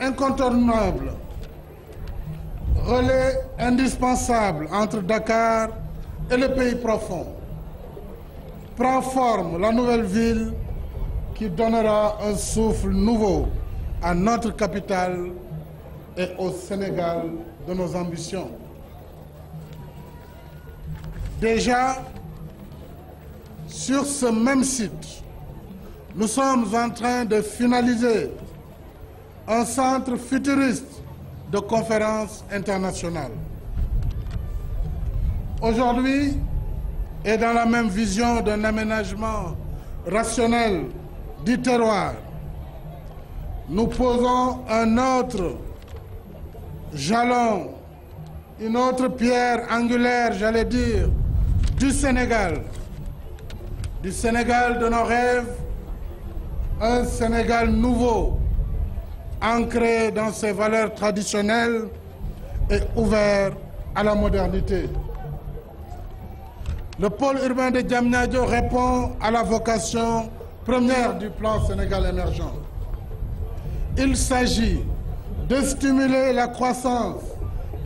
incontournable, relais indispensable entre Dakar et le pays profond, prend forme la nouvelle ville qui donnera un souffle nouveau à notre capitale et au Sénégal de nos ambitions. Déjà, sur ce même site, nous sommes en train de finaliser un centre futuriste de conférences internationales. Aujourd'hui, et dans la même vision d'un aménagement rationnel du terroir, nous posons un autre jalon, une autre pierre angulaire, j'allais dire, du Sénégal, du Sénégal de nos rêves, un Sénégal nouveau, ancré dans ses valeurs traditionnelles et ouvert à la modernité. Le pôle urbain de Diamniadio répond à la vocation première du plan Sénégal émergent. Il s'agit de stimuler la croissance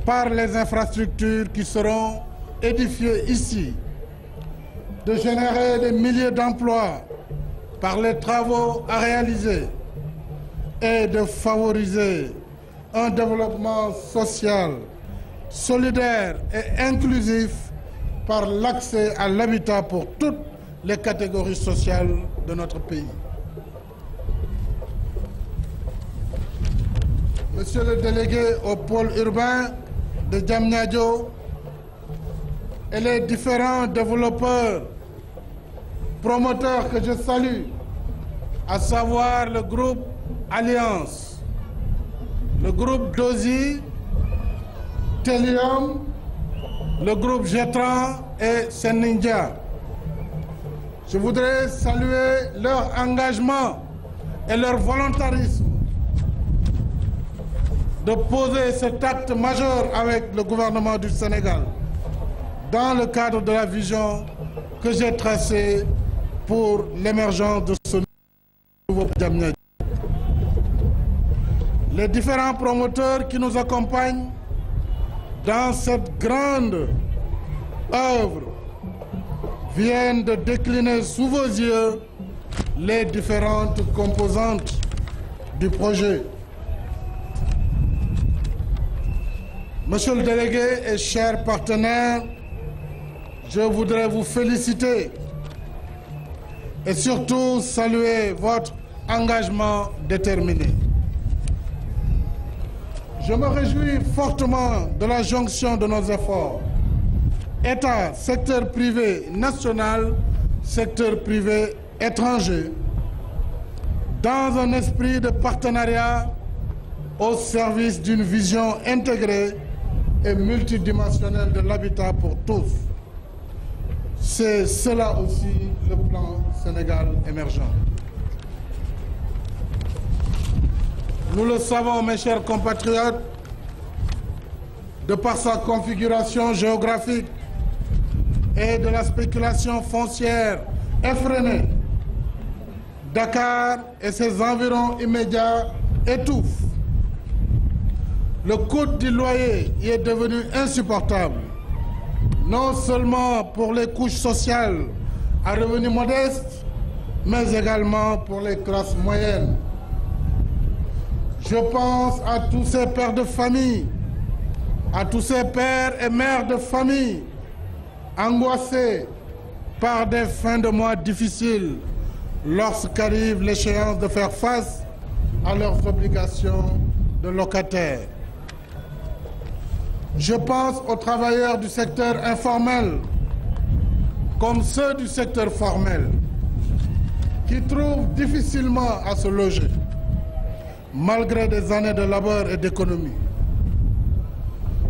par les infrastructures qui seront édifiées ici, de générer des milliers d'emplois par les travaux à réaliser, est de favoriser un développement social, solidaire et inclusif par l'accès à l'habitat pour toutes les catégories sociales de notre pays. Monsieur le délégué au pôle urbain de Djamnadjo et les différents développeurs, promoteurs que je salue, à savoir le groupe Alliance, le groupe Dozi, Telium, le groupe Jetran et Seninja. Je voudrais saluer leur engagement et leur volontarisme de poser cet acte majeur avec le gouvernement du Sénégal dans le cadre de la vision que j'ai tracée pour l'émergence de ce nouveau Djamnyadji les différents promoteurs qui nous accompagnent dans cette grande œuvre viennent de décliner sous vos yeux les différentes composantes du projet. Monsieur le délégué et chers partenaires, je voudrais vous féliciter et surtout saluer votre engagement déterminé. Je me réjouis fortement de la jonction de nos efforts. État, secteur privé national, secteur privé étranger, dans un esprit de partenariat au service d'une vision intégrée et multidimensionnelle de l'habitat pour tous. C'est cela aussi le plan Sénégal émergent. Nous le savons, mes chers compatriotes, de par sa configuration géographique et de la spéculation foncière effrénée, Dakar et ses environs immédiats étouffent. Le coût du loyer y est devenu insupportable, non seulement pour les couches sociales à revenus modestes, mais également pour les classes moyennes. Je pense à tous ces pères de famille, à tous ces pères et mères de famille angoissés par des fins de mois difficiles lorsqu'arrive l'échéance de faire face à leurs obligations de locataires. Je pense aux travailleurs du secteur informel comme ceux du secteur formel qui trouvent difficilement à se loger malgré des années de labeur et d'économie.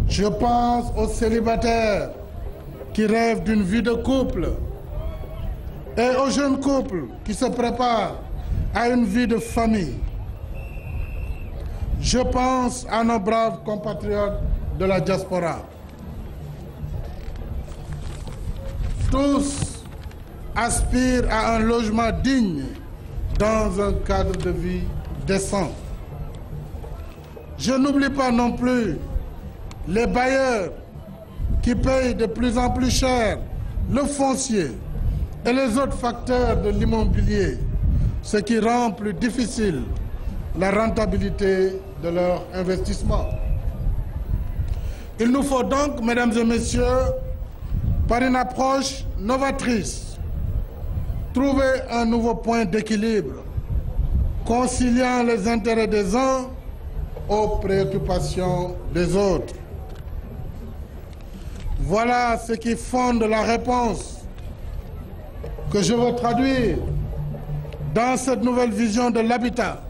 Je pense aux célibataires qui rêvent d'une vie de couple et aux jeunes couples qui se préparent à une vie de famille. Je pense à nos braves compatriotes de la diaspora. Tous aspirent à un logement digne dans un cadre de vie décent. Je n'oublie pas non plus les bailleurs qui payent de plus en plus cher le foncier et les autres facteurs de l'immobilier, ce qui rend plus difficile la rentabilité de leur investissement. Il nous faut donc, mesdames et messieurs, par une approche novatrice, trouver un nouveau point d'équilibre, conciliant les intérêts des uns aux préoccupations des autres. Voilà ce qui fonde la réponse que je veux traduire dans cette nouvelle vision de l'habitat,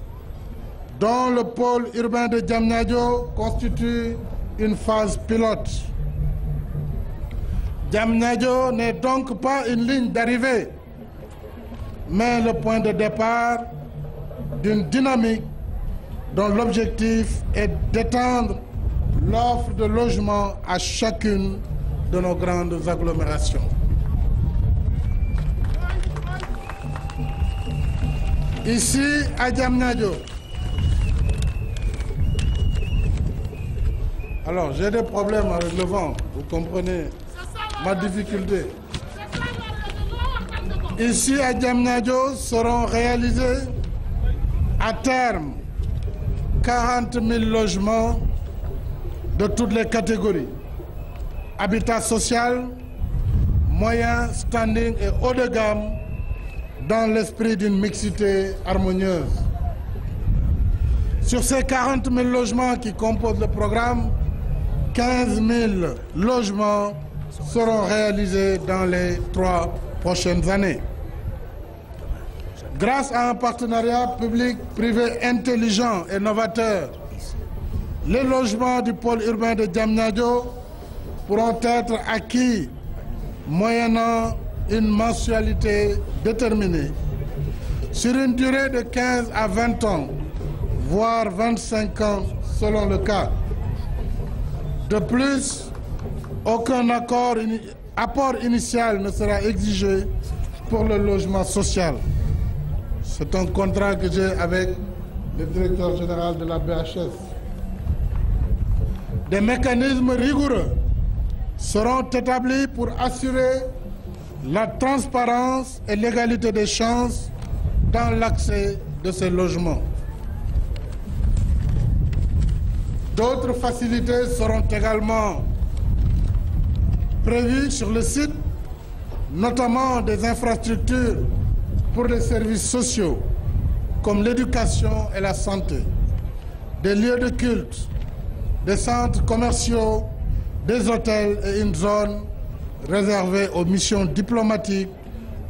dont le pôle urbain de Diamniadio constitue une phase pilote. Diamniadio n'est donc pas une ligne d'arrivée, mais le point de départ d'une dynamique dont l'objectif est d'étendre l'offre de logement à chacune de nos grandes agglomérations. Ici, à Diamnadio, alors j'ai des problèmes avec le vent, vous comprenez ma difficulté. Ici, à Diamnadio, seront réalisés à terme 40 000 logements de toutes les catégories. Habitat social, moyen, standing et haut de gamme dans l'esprit d'une mixité harmonieuse. Sur ces 40 000 logements qui composent le programme, 15 000 logements seront réalisés dans les trois prochaines années. Grâce à un partenariat public-privé intelligent et novateur, les logements du pôle urbain de Diamniadio pourront être acquis moyennant une mensualité déterminée sur une durée de 15 à 20 ans, voire 25 ans selon le cas. De plus, aucun apport initial ne sera exigé pour le logement social. C'est un contrat que j'ai avec le directeur général de la BHS. Des mécanismes rigoureux seront établis pour assurer la transparence et l'égalité des chances dans l'accès de ces logements. D'autres facilités seront également prévues sur le site, notamment des infrastructures pour les services sociaux comme l'éducation et la santé, des lieux de culte, des centres commerciaux, des hôtels et une zone réservée aux missions diplomatiques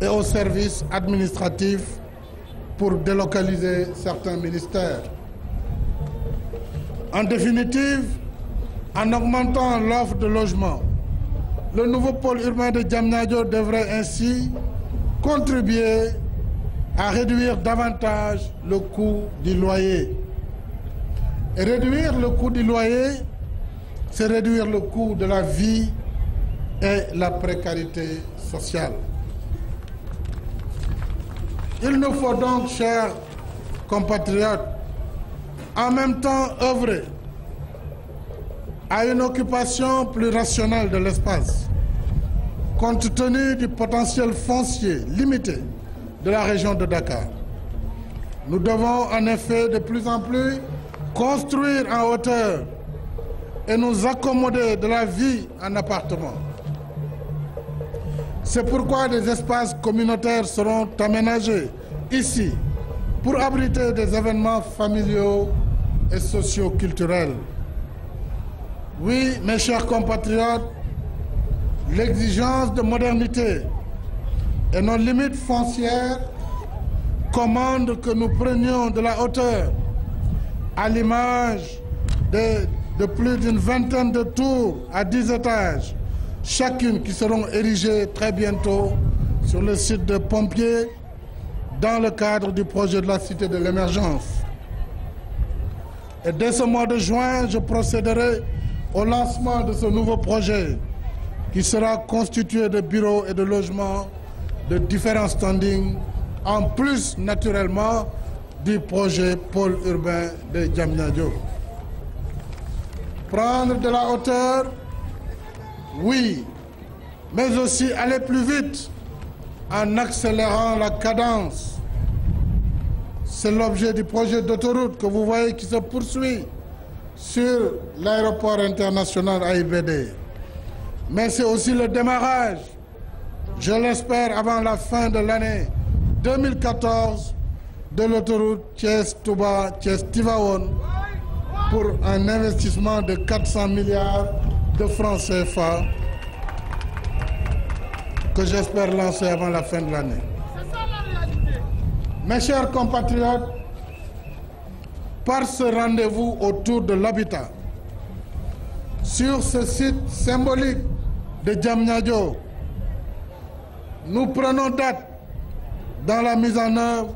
et aux services administratifs pour délocaliser certains ministères. En définitive, en augmentant l'offre de logements, le nouveau pôle urbain de Djamnadio devrait ainsi contribuer à réduire davantage le coût du loyer. Et réduire le coût du loyer, c'est réduire le coût de la vie et la précarité sociale. Il nous faut donc, chers compatriotes, en même temps œuvrer à une occupation plus rationnelle de l'espace, compte tenu du potentiel foncier limité de la région de Dakar. Nous devons en effet de plus en plus construire en hauteur et nous accommoder de la vie en appartement. C'est pourquoi des espaces communautaires seront aménagés ici pour abriter des événements familiaux et socio-culturels. Oui, mes chers compatriotes, l'exigence de modernité et nos limites foncières commandent que nous prenions de la hauteur à l'image de, plus d'une vingtaine de tours à 10 étages, chacune qui seront érigées très bientôt sur le site de pompiers dans le cadre du projet de la Cité de l'émergence. Et dès ce mois de juin, je procéderai au lancement de ce nouveau projet qui sera constitué de bureaux et de logements de différents standings, en plus naturellement du projet pôle urbain de Djamnadio. Prendre de la hauteur, oui, mais aussi aller plus vite en accélérant la cadence. C'est l'objet du projet d'autoroute que vous voyez qui se poursuit sur l'aéroport international AIBD. Mais c'est aussi le démarrage je l'espère avant la fin de l'année 2014, de l'autoroute thiès touba thiès tivaon pour un investissement de 400 milliards de francs CFA que j'espère lancer avant la fin de l'année. Mes chers compatriotes, par ce rendez-vous autour de l'habitat, sur ce site symbolique de Djamnyadjo, nous prenons date dans la mise en œuvre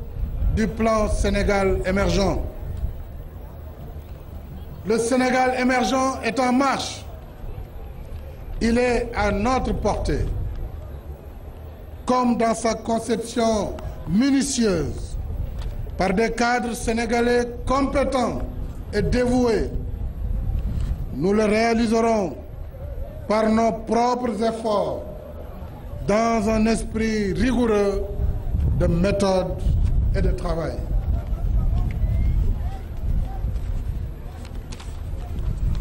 du plan Sénégal émergent. Le Sénégal émergent est en marche. Il est à notre portée. Comme dans sa conception minutieuse, par des cadres sénégalais compétents et dévoués, nous le réaliserons par nos propres efforts dans un esprit rigoureux de méthode et de travail.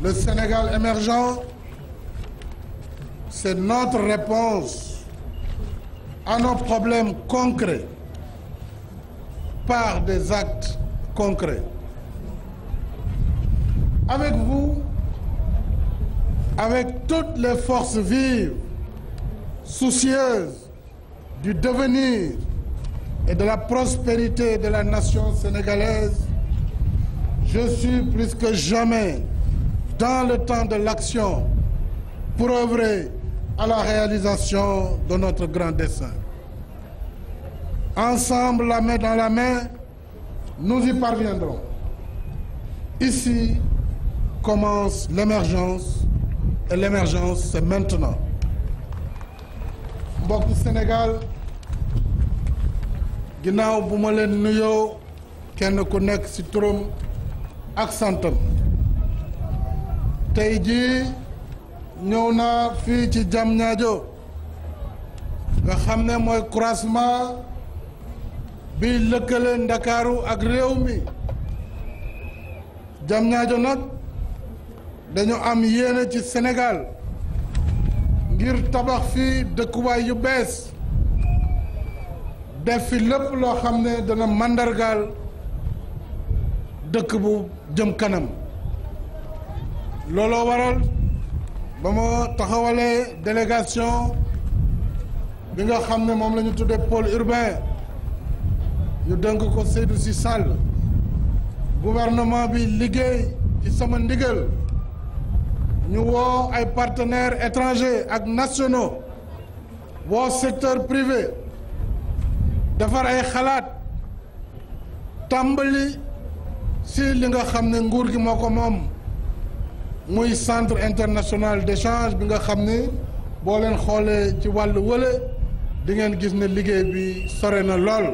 Le Sénégal émergent, c'est notre réponse à nos problèmes concrets par des actes concrets. Avec vous, avec toutes les forces vives soucieuse du devenir et de la prospérité de la nation sénégalaise, je suis plus que jamais dans le temps de l'action pour œuvrer à la réalisation de notre grand dessein. Ensemble, la main dans la main, nous y parviendrons. Ici commence l'émergence, et l'émergence, c'est maintenant. bokk Sénégal ginnaaw bu ma leen nuyoo kenn ku nekk ci turam ak santam tey jii ñëw naa fii ci Diamniadio nga xam ne mooy croisement bi lëkkale Ndakaaru ak réew mi Diamniadio nag dañu am yéene ci Sénégal ngir tabax fi dëkkuwaay yu bees def fi lépp loo xam ne dana màndargaal dëkk bu jëm kanam looloo waral ba ma taxawalee délégation bi nga xam ne moom lañu ñu tuddee pôle urbain ñu dënk ko Seydou ci sal gouvernement bi liggéey ci sama ndigal ñu woo ay partenaires étrangers ak nationaux woo secteur privé defar ay xalaat tambali si li nga xam nguur gi moko mom muy centre international d'échange bi nga xamné bo len xolé ci walu wële di ngeen gis né liggéey bi sore na lool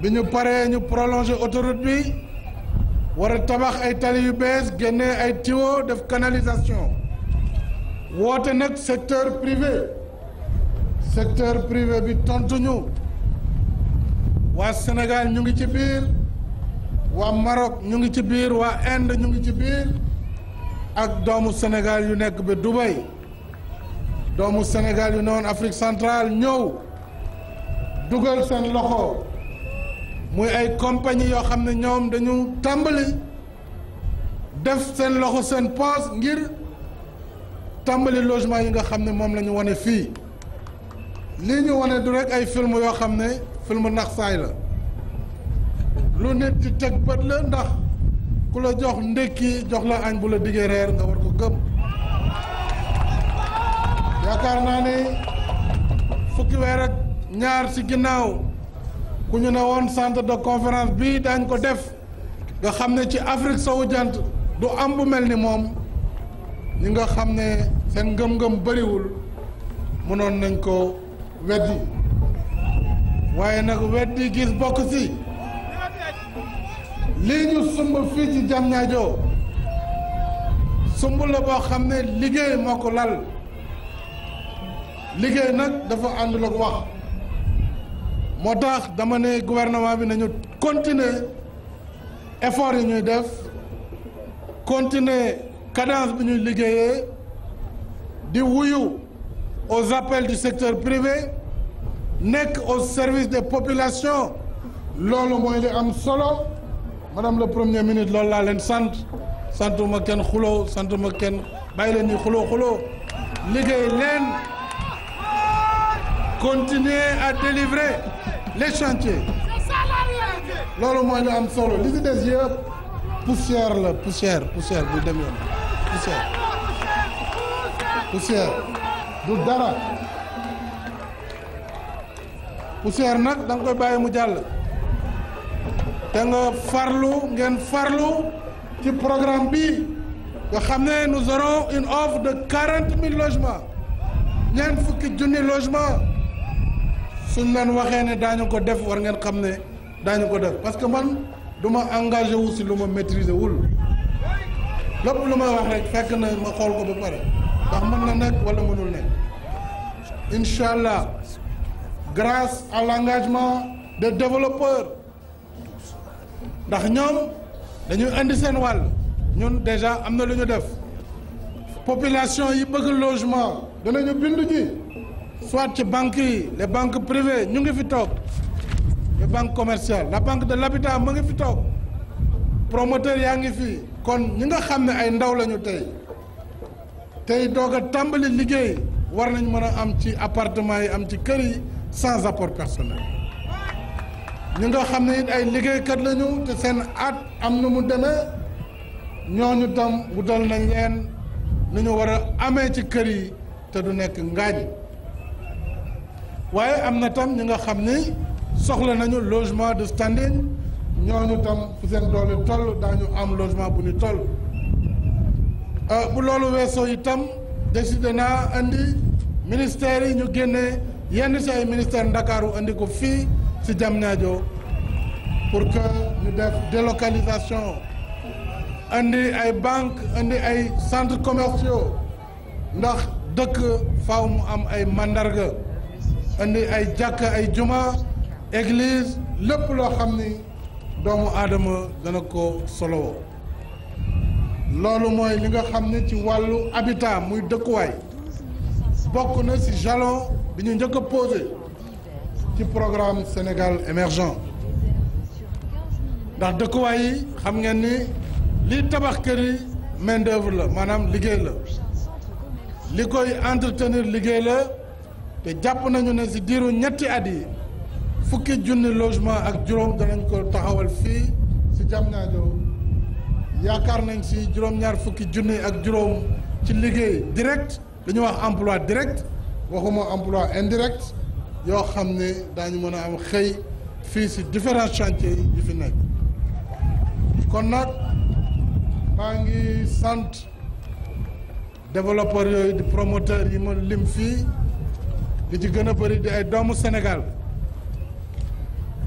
bi ñu paree ñu prolonger autoroute bi. war a tabax ay tali yu bees génnee ay tuyaux def canalisation woote nag secteur privé secteur privé bi tontu ñu waa Sénégal ñu ngi ci biir waa Maroc ñu ngi ci biir waa Inde ñu ngi ci biir ak doomu Sénégal yu nekk ba Dubaï doomu Sénégal yu newoon Afrique centrale ñëw dugal seen loxo. muy ay compagnie yoo xam ne ñoom dañu tàmbali def seen loxo seen poche ngir tàmbali logement yi nga xam ne moom la ñu wane fii lii ñu wane du rek ay film yoo xam ne film nax saay la lu nit di teg bët la ndax ku la jox ndékki jox la añ bu la diggee reer nga war ko gëm yaakaar naa ne fukki weer ak ñaar ci ginnaaw ku ñu ne woon centre de conférence bi daañ ko def nga xam ne ci Afrique sowu jant du am bu mel ni moom ñi nga xam ne seen ngëm-ngëm bariwul mënoon nañ ko weddi waaye nag weddi gis bokk si lii ñu sumb fii ci Diamniadio sumb la boo xam ne liggéey moo ko lal liggéey nag dafa àndul ak wax motax dama né gouvernement bi nañu continuer effort yi ñuy def continuer cadence bi ñuy liggéeyee di wuyu aux appels du secteur privé nekk au service des populations loolu mooy li am solo madame le premier ministre loolu laa leen sant santuma kenn xuloo santuma kenn bàyyi leen ñu xuloo xuloo liggéey leen continuer à délivrer les chantiers loolu mooy li am solo li des yeux, poussière la poussière poussière bu dem Poussière, poussière poussière du dara poussière nak dang koy baye mu jall. te nga farlu ngeen farlu ci programme bi nga xamné nous aurons une offre de 40 000 logements Ñen fukki junni logements suñ leen waxee ne daañu ko def war ngeen xam ne ko def parce que man duma ma engagé wu si luma ma maîtriser wul lépp lu may wax rek fekk na ma xool ko ba pare ndax mën na nekk wala mënul nekk inshallah grâce à l'engagement des développeurs ndax ñom dañuy andi sen wàll ñun déjà amna na lu ñu def population yi bëgg logement dañu bindu ji soit ci banques yi les banques privées ñu ngi fi toog les banques commerciales la banque de l'habitat mu ngi fi toog promoteur yaa ngi fi kon ñi nga xam ne ay ndaw lañu tey tey doog a tàmbali liggéey war nañ mën am ci appartement yi am ci kër yi sans apport personnel ñi nga xam ne it ay liggéeykat lañu te sen at am na mu demee ñooñu tam wutal nañ leen ni ñu war a ci kër yi te du nekk ngaañ waaye amna tam ñinga nga soxla nañu logement de standing ñooñu tam fu seen doole toll dañu am logement bu ñu toll euh, bu lolu wesso itam décidé na andi ministère ñu génnee yenn say ministère dakaru andi ko fi ci jamnaajo pour que ñu def délocalisation andi ay banque andi ay centres commerciaux ndax dëkk faaw mu am ay mandarga indi ay jàkk ay juma église lépp loo xam ni doomu aadama dana ko solowoo loolu mooy li nga xam ne ci wàllu habitat muy dëkkuwaay bokk na ci jalon bi ñu njëkk a posé ci programme Sénégal émergent ndax dëkkuwaay yi xam ngeen ni li tabax kër yi main d'œuvre la maanaam liggéey la li koy entretenir liggéey la te japp nañu ne si diiru ñetti at yi fukki junni logement ak juróom danañ ko taxawal fii si Diamniadio yaakaar nañ si juróom-ñaar fukki junni ak juróom ci liggéey direct li ñuy wax emploi direct waxuma emploi indirect yoo xam ne daañu mën a am xëy fii si différents chantier yi fi nekk kon nag maa ngi sant développeur yooyu di promoteur yi ma lim fii il je que nous Sénégal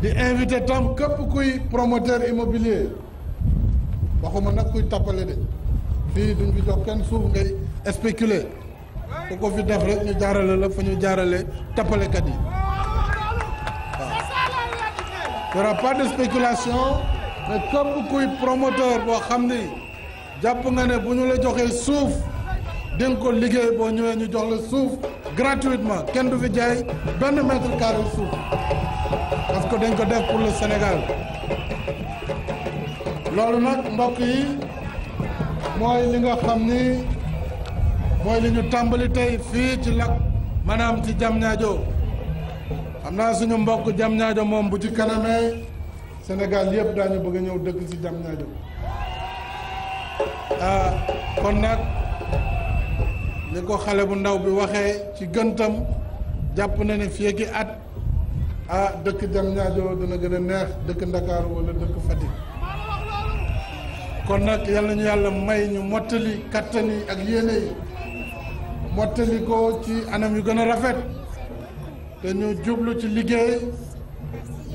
di invité tam les promoteur immobilier waxuma kuy de fii duñ jox kenn suuf ngay spéculer ko def rek ñu la de ñu taper yi aura pas de spéculation mais comme kuy promoteur boo nga di nga ko liggéey boo ñëwee ñu jox la suuf gratuitement kenn du fi jaay benn mètre carré suuf parce que dañ ko def pour le Sénégal loolu nag mbokk yi mooy li nga xam ni mooy li ñu tàmbali tey fii ci lak maanaam ci Diamniadio xam naa suñu mbokk Diamniadio moom bu ci kanamee Sénégal yëpp daañu bëgg a ñëw dëkk ci jam ah kon nag. li ko xale bu ndaw bi waxee ci gëntam jàpp na ne fii ak at a ah, dëkk Diamniadio dina gën a neex dëkk Ndakaaru walla dëkk Fatick kon nag yal nañu yàlla may ñu mottali kattan ak yéene yi mottali ko ci anam yu gën a rafet te ñu jublu ci liggéey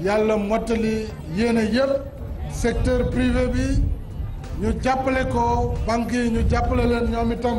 yàlla mottali yéene yëpp secteur privé bi ñu jàppale ko banque yi ñu jàppale leen ñoom itam.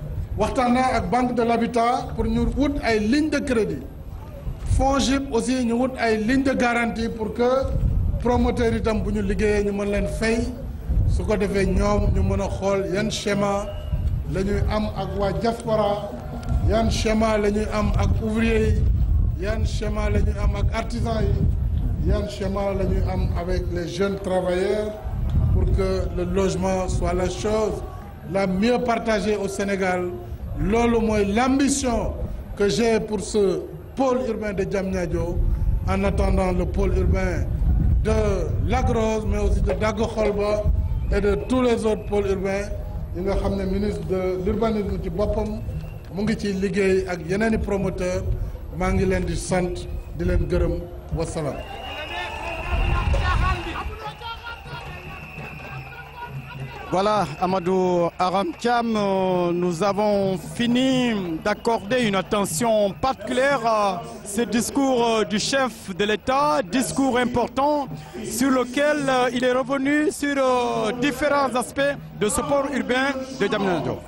waxtana ak banque de l'habitat pour ñu wut ay ligne de crédit FONGIP aussi ñu wut ay ligne de garantie pour que promoteur itam bu ñu liggéeyee ñu mën leen fay su ko defee ñoom ñu mën a xool yan schéma la ñuy am ak waa diaspora yan schéma la ñuy am ak ouvrier yi yan schéma la ñuy am ak artisan yi yan schéma la ñuy am avec les jeunes travailleurs pour que le logement soit la chose la mieux partagée au Sénégal l'ambition que j'ai pour ce pôle urbain de Diamniadio en attendant le pôle urbain de Lagros, mais aussi de Dago et de tous les autres pôles urbains Il y a le ministre de l'urbanisme ci boppam mu ci promoteur Mangilendi sant Voilà, Amadou Aramkam, euh, nous avons fini d'accorder une attention particulière à ce discours euh, du chef de l'État, discours important sur lequel euh, il est revenu sur différents aspects de ce port urbain de Damnando.